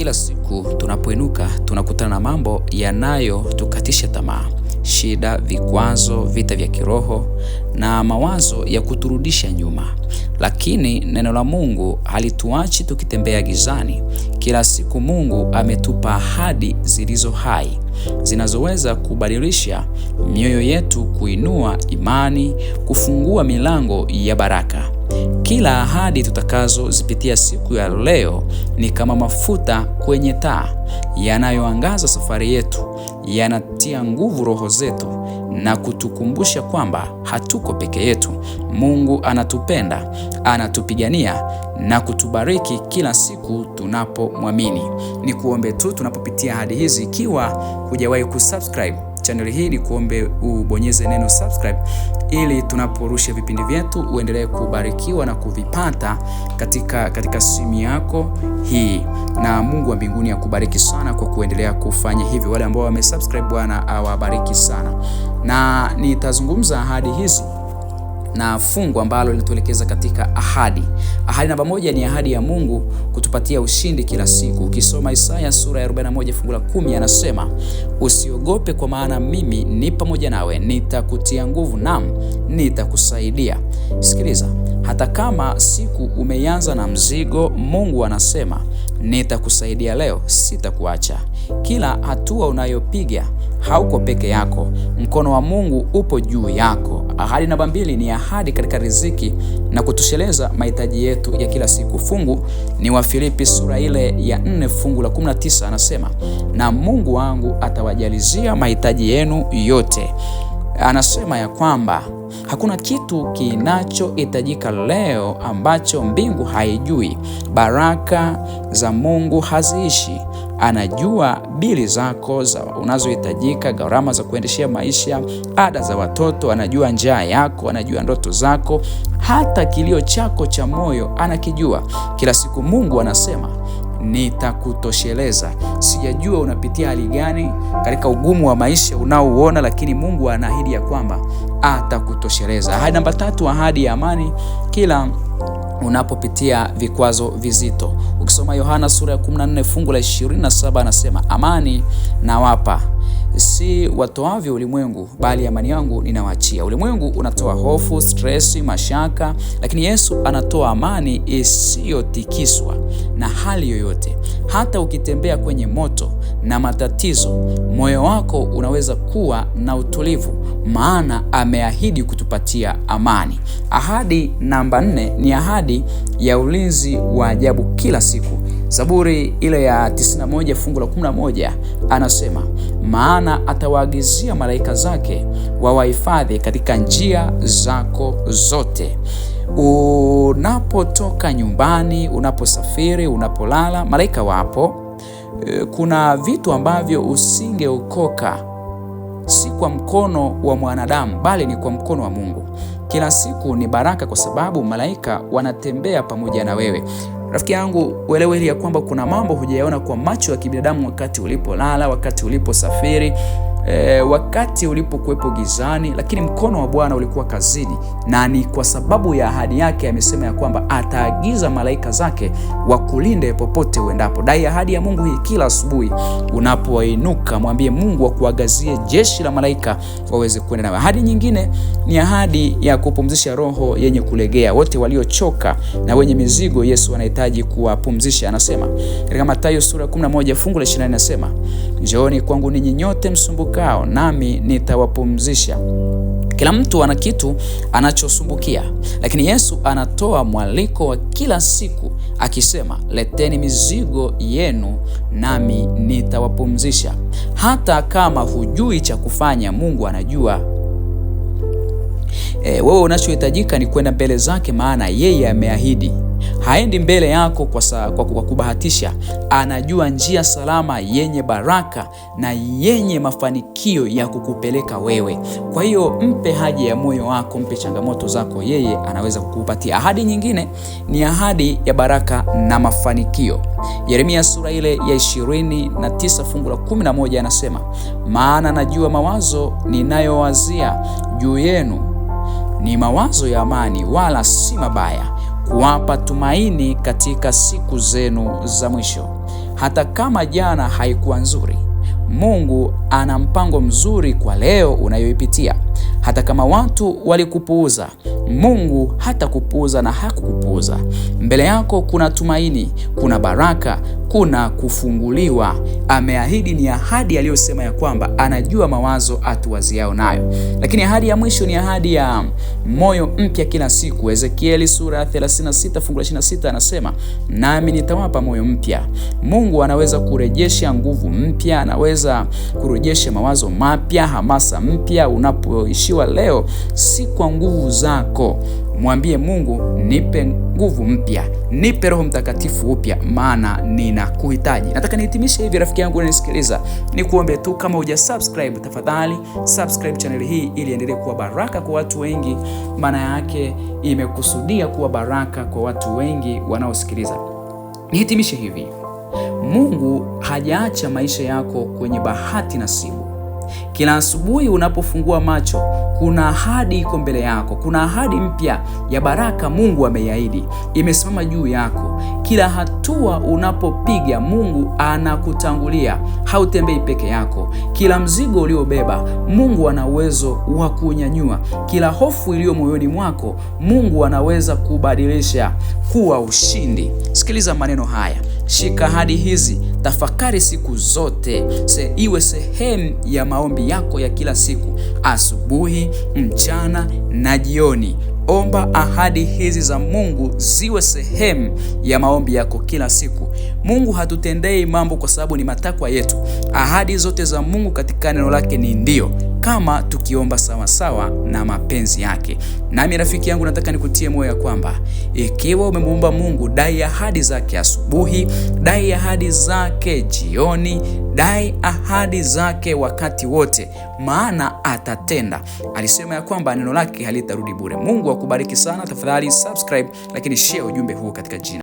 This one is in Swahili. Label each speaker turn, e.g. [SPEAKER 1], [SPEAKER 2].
[SPEAKER 1] Kila siku tunapoinuka tunakutana na mambo yanayotukatisha tamaa, shida, vikwazo, vita vya kiroho na mawazo ya kuturudisha nyuma, lakini neno la Mungu halituachi tukitembea gizani. Kila siku Mungu ametupa ahadi zilizo hai zinazoweza kubadilisha mioyo yetu, kuinua imani, kufungua milango ya baraka. Kila ahadi tutakazozipitia siku ya leo ni kama mafuta kwenye taa yanayoangaza safari yetu, yanatia nguvu roho zetu na kutukumbusha kwamba hatuko peke yetu. Mungu anatupenda, anatupigania na kutubariki kila siku tunapomwamini. Ni kuombe tu tunapopitia ahadi hizi. Ikiwa hujawahi kusubscribe chaneli hii, ni kuombe ubonyeze neno subscribe, ili tunaporusha vipindi vyetu uendelee kubarikiwa na kuvipata katika, katika simu yako hii, na Mungu wa mbinguni akubariki sana kwa kuendelea kufanya hivyo. Wale ambao wamesubscribe, Bwana awabariki sana, na nitazungumza ahadi hizi na fungu ambalo linatuelekeza katika ahadi. Ahadi namba moja ni ahadi ya Mungu kutupatia ushindi kila siku. Ukisoma Isaya sura ya 41 fungu la kumi, anasema usiogope, kwa maana mimi ni pamoja nawe, nitakutia nguvu, naam nitakusaidia. Sikiliza, hata kama siku umeianza na mzigo, Mungu anasema nitakusaidia leo, sitakuacha. Kila hatua unayopiga hauko peke yako, mkono wa Mungu upo juu yako. Ahadi namba mbili ni ahadi katika riziki na kutosheleza mahitaji yetu ya kila siku. Fungu ni Wafilipi sura ile ya 4 fungu la 19, anasema na Mungu wangu atawajalizia mahitaji yenu yote anasema ya kwamba hakuna kitu kinachohitajika leo ambacho mbingu haijui. Baraka za Mungu haziishi. Anajua bili zako za unazohitajika, gharama za kuendeshea maisha, ada za watoto. Anajua njaa yako, anajua ndoto zako, hata kilio chako cha moyo anakijua. Kila siku Mungu anasema nitakutosheleza. Sijajua unapitia hali gani katika ugumu wa maisha unaouona, lakini Mungu anaahidi ya kwamba atakutosheleza. Ahadi namba tatu, ahadi ya amani kila unapopitia vikwazo vizito. Ukisoma Yohana sura ya 14 fungu la 27 anasema, amani nawapa si watoavyo ulimwengu, bali amani yangu ninawaachia. Ulimwengu unatoa hofu, stresi, mashaka, lakini Yesu anatoa amani isiyotikiswa na hali yoyote. Hata ukitembea kwenye moto na matatizo, moyo wako unaweza kuwa na utulivu, maana ameahidi kutupatia amani. Ahadi namba nne ni ahadi ya ulinzi wa ajabu kila siku. Zaburi ile ya 91 fungu la 11 anasema, maana atawaagizia malaika zake wawahifadhi katika njia zako zote. Unapotoka nyumbani, unaposafiri, unapolala, malaika wapo Eh, kuna vitu ambavyo usingeokoka si kwa mkono wa mwanadamu, bali ni kwa mkono wa Mungu. Kila siku ni baraka, kwa sababu malaika wanatembea pamoja na wewe. Rafiki yangu, uelewe hili ya kwamba kuna mambo hujayaona kwa macho ya kibinadamu, wakati ulipolala, wakati uliposafiri e, wakati ulipokuwepo gizani, lakini mkono wa Bwana ulikuwa kazini, na ni kwa sababu ya ahadi yake amesema ya kwamba ataagiza malaika zake wakulinde popote uendapo. Dai ahadi ya Mungu hii kila asubuhi unapoinuka, mwambie Mungu akuangazie jeshi la malaika waweze kuenda nawe. Ahadi nyingine ni ahadi ya kupumzisha roho yenye kulegea. Wote waliochoka na wenye mizigo, Yesu anahitaji kuwapumzisha. Anasema katika Mathayo sura 11 fungu la 20 anasema, njooni kwangu ninyi nyote msumbuka wanichokao, nami nitawapumzisha. Kila mtu ana kitu anachosumbukia, lakini Yesu anatoa mwaliko wa kila siku akisema, leteni mizigo yenu nami nitawapumzisha. Hata kama hujui cha kufanya, Mungu anajua. E, wewe unachohitajika ni kwenda mbele zake, maana yeye ameahidi haendi mbele yako kwa, sa, kwa, kwa kubahatisha. Anajua njia salama yenye baraka na yenye mafanikio ya kukupeleka wewe. Kwa hiyo mpe haja ya moyo wako, mpe changamoto zako, yeye anaweza kukupatia. Ahadi nyingine ni ahadi ya baraka na mafanikio. Yeremia sura ile ya 29 fungu la 11 anasema, maana najua mawazo ninayowazia juu yenu ni mawazo ya amani, wala si mabaya kuwapa tumaini katika siku zenu za mwisho. Hata kama jana haikuwa nzuri, Mungu ana mpango mzuri kwa leo unayoipitia. Hata kama watu walikupuuza, Mungu hatakupuuza na hakukupuuza. Mbele yako kuna tumaini, kuna baraka, kuna kufunguliwa. Ameahidi, ni ahadi aliyosema ya kwamba anajua mawazo atuwaziao nayo. Lakini ahadi ya mwisho ni ahadi ya moyo mpya kila siku. Ezekieli sura ya 36 fungu la 26 anasema, nami nitawapa moyo mpya. Mungu anaweza kurejesha nguvu mpya, anaweza kurejesha mawazo mapya, hamasa mpya. Unapoishiwa leo, si kwa nguvu zako Mwambie Mungu, nipe nguvu mpya, nipe Roho Mtakatifu upya, maana ninakuhitaji. Nataka nihitimishe hivi, rafiki yangu unanisikiliza, nikuombe tu, kama huja subscribe, tafadhali subscribe channel hii ili endelee kuwa baraka kwa watu wengi. Maana yake imekusudia kuwa baraka kwa watu wengi wanaosikiliza. Nihitimishe hivi, Mungu hajaacha maisha yako kwenye bahati simu kila asubuhi unapofungua macho, kuna ahadi iko mbele yako, kuna ahadi mpya ya baraka Mungu ameiahidi, imesimama juu yako. Kila hatua unapopiga, Mungu anakutangulia, hautembei peke yako. Kila mzigo uliobeba, Mungu ana uwezo wa kunyanyua. Kila hofu iliyo moyoni mwako, Mungu anaweza kubadilisha kuwa ushindi. Sikiliza maneno haya, shika ahadi hizi Tafakari siku zote se, iwe sehemu ya maombi yako ya kila siku, asubuhi, mchana na jioni. Omba ahadi hizi za Mungu ziwe sehemu ya maombi yako kila siku. Mungu hatutendei mambo kwa sababu ni matakwa yetu. Ahadi zote za Mungu katika neno lake ni ndio kama tukiomba sawasawa na mapenzi yake. Nami rafiki yangu, nataka nikutie moyo ya kwamba ikiwa umemuomba Mungu, dai ahadi zake asubuhi, dai ahadi zake jioni, dai ahadi zake wakati wote, maana atatenda. Alisema ya kwamba neno lake halitarudi bure. Mungu akubariki sana. Tafadhali subscribe, lakini share ujumbe huu katika jina